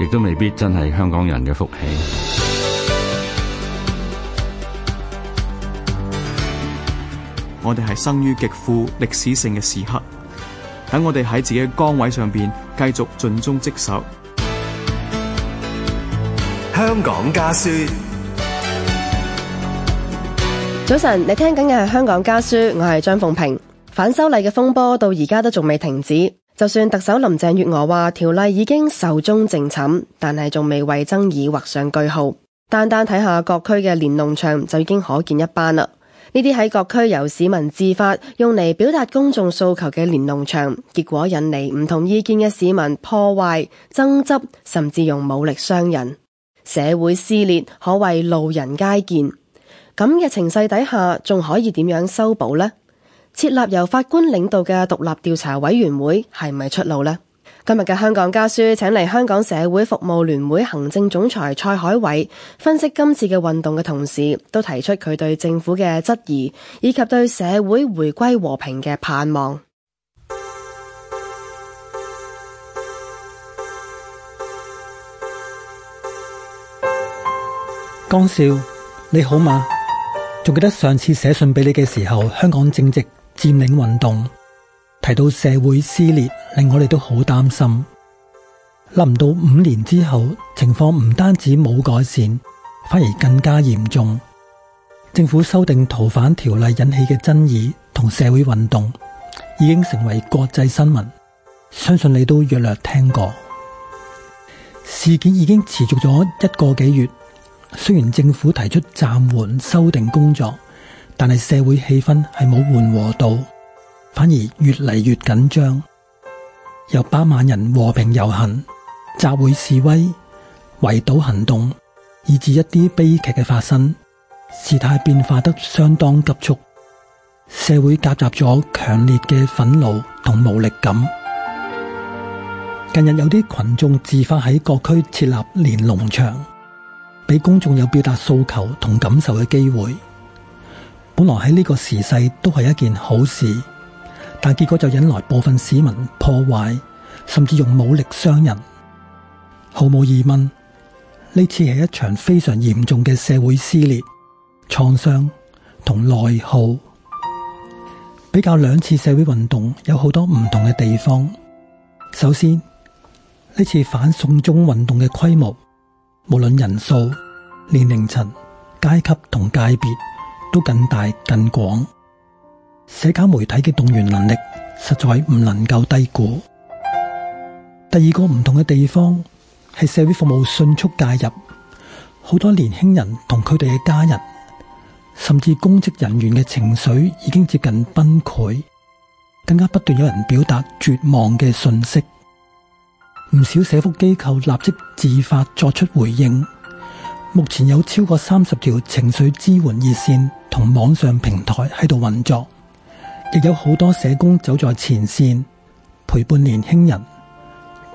亦都未必真係香港人嘅福氣。我哋係生於極富歷史性嘅時刻，等我哋喺自己嘅崗位上邊繼續盡忠職守。香港家書，早晨，你聽緊嘅係香港家書，我係張鳳平。反修例嘅風波到而家都仲未停止。就算特首林鄭月娥話條例已經壽終正寢，但係仲未為爭議畫上句號。單單睇下各區嘅連儂牆就已經可見一斑啦。呢啲喺各區由市民自發用嚟表達公眾訴求嘅連儂牆，結果引嚟唔同意見嘅市民破壞、爭執，甚至用武力傷人，社會撕裂可謂路人皆見。咁嘅情勢底下，仲可以點樣修補咧？設立由法官領導嘅獨立調查委員會係咪出路呢？今日嘅香港家書，請嚟香港社會服務聯會行政總裁蔡海偉分析今次嘅運動嘅同時，都提出佢對政府嘅質疑，以及對社會回歸和平嘅盼望。江少，你好嗎？仲記得上次寫信俾你嘅時候，香港正值……佔領運動提到社會撕裂，令我哋都好擔心。諗唔到五年之後，情況唔單止冇改善，反而更加嚴重。政府修訂逃犯條例引起嘅爭議同社會運動，已經成為國際新聞，相信你都略略聽過。事件已經持續咗一個幾月，雖然政府提出暫緩修訂工作。但係社會氣氛係冇緩和到，反而越嚟越緊張。有百萬人和平遊行、集會示威、圍堵行動，以至一啲悲劇嘅發生。事態變化得相當急促，社會夾雜咗強烈嘅憤怒同無力感。近日有啲群眾自發喺各區設立連儂牆，俾公眾有表達訴求同感受嘅機會。本來喺呢個時勢都係一件好事，但結果就引來部分市民破壞，甚至用武力傷人。毫無疑問，呢次係一場非常嚴重嘅社會撕裂、創傷同內耗。比較兩次社會運動有好多唔同嘅地方。首先，呢次反送中運動嘅規模，無論人數、年齡層、階級同界別，都更大、更廣，社交媒體嘅動員能力實在唔能夠低估。第二個唔同嘅地方，係社會服務迅速介入，好多年輕人同佢哋嘅家人，甚至公職人員嘅情緒已經接近崩潰，更加不斷有人表達絕望嘅信息。唔少社福機構立即自發作出回應。目前有超過三十條情緒支援熱線同網上平台喺度運作，亦有好多社工走在前線陪伴年輕人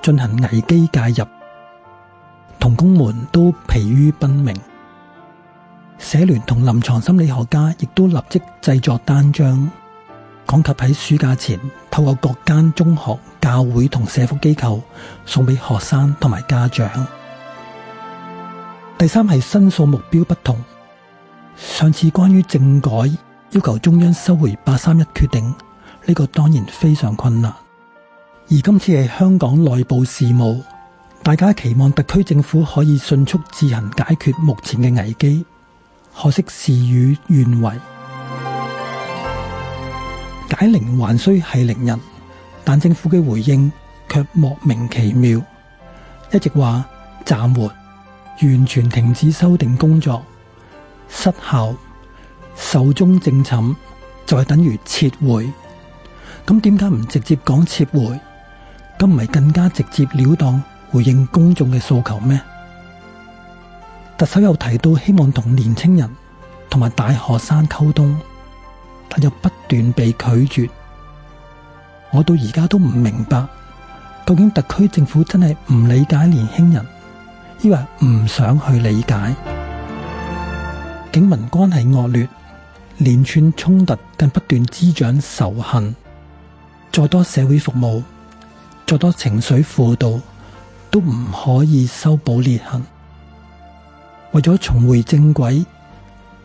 進行危機介入，同工們都疲於奔命。社聯同臨床心理學家亦都立即製作單張，講及喺暑假前透過各間中學、教會同社福機構送俾學生同埋家長。第三係申訴目標不同。上次關於政改要求中央收回八三一決定，呢、這個當然非常困難。而今次係香港內部事務，大家期望特區政府可以迅速自行解決目前嘅危機。可惜事與願違，解鈴還需係鈴人，但政府嘅回應卻莫名其妙，一直話暫緩。完全停止修訂工作，失效、壽終正寢，就係等於撤回。咁點解唔直接講撤回？咁唔係更加直接了當回應公眾嘅訴求咩？特首又提到希望同年青人同埋大學生溝通，但又不斷被拒絕。我到而家都唔明白，究竟特區政府真係唔理解年輕人？因為唔想去理解，警民關係惡劣，連串衝突更不斷滋長仇恨。再多社會服務，再多情緒輔導，都唔可以修補裂痕。為咗重回正軌，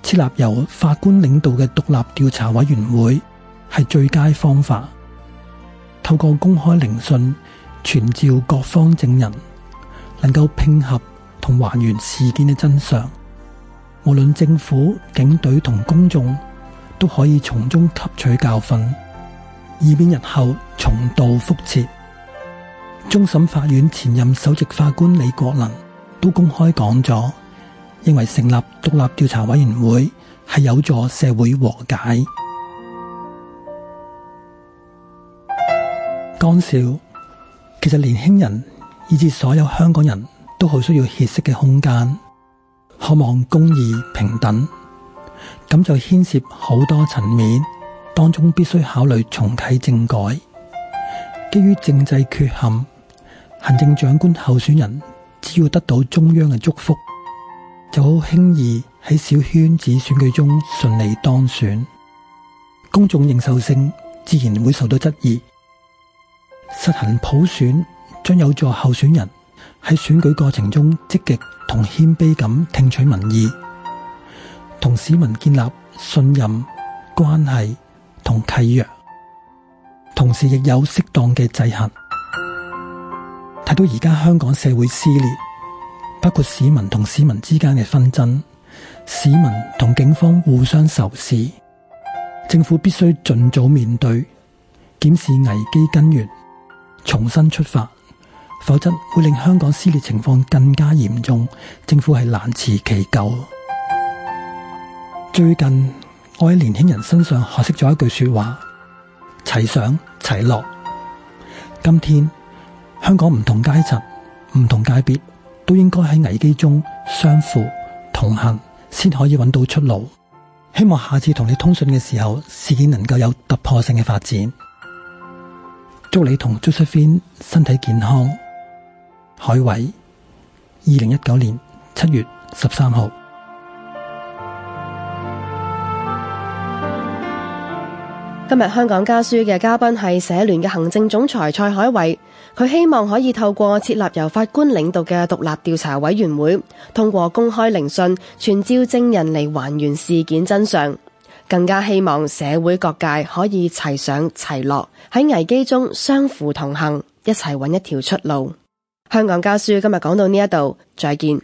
設立由法官領導嘅獨立調查委員會係最佳方法。透過公開聆訊，傳召各方證人。能夠拼合同還原事件嘅真相，無論政府、警隊同公眾都可以從中吸取教訓，以免日後重蹈覆轍。終審法院前任首席法官李國能都公開講咗，認為成立獨立調查委員會係有助社會和解。江少，其實年輕人，以至所有香港人都好需要歇息嘅空間，渴望公義平等，咁就牽涉好多層面，當中必須考慮重啟政改。基於政制缺陷，行政長官候選人只要得到中央嘅祝福，就好輕易喺小圈子選舉中順利當選，公眾認受性自然會受到質疑，實行普選。將有助候選人喺選舉過程中積極同謙卑咁聽取民意，同市民建立信任關係同契約，同時亦有適當嘅制衡。睇到而家香港社會撕裂，包括市民同市民之間嘅紛爭，市民同警方互相仇視，政府必須盡早面對，檢視危機根源，重新出發。否則會令香港撕裂情況更加嚴重，政府係難辭其咎。最近我喺年輕人身上學識咗一句說話：齊上齊落。今天香港唔同階層、唔同界別都應該喺危機中相扶同行，先可以揾到出路。希望下次同你通訊嘅時候，事件能夠有突破性嘅發展。祝你同 Josephine 身體健康。海偉，二零一九年七月十三號。今日香港家書嘅嘉賓係社聯嘅行政總裁蔡海偉。佢希望可以透過設立由法官領導嘅獨立調查委員會，通過公開聆訊，傳召證人嚟還原事件真相。更加希望社會各界可以齊上齊落，喺危機中相扶同行，一齊揾一條出路。香港家書今日講到呢一度，再見。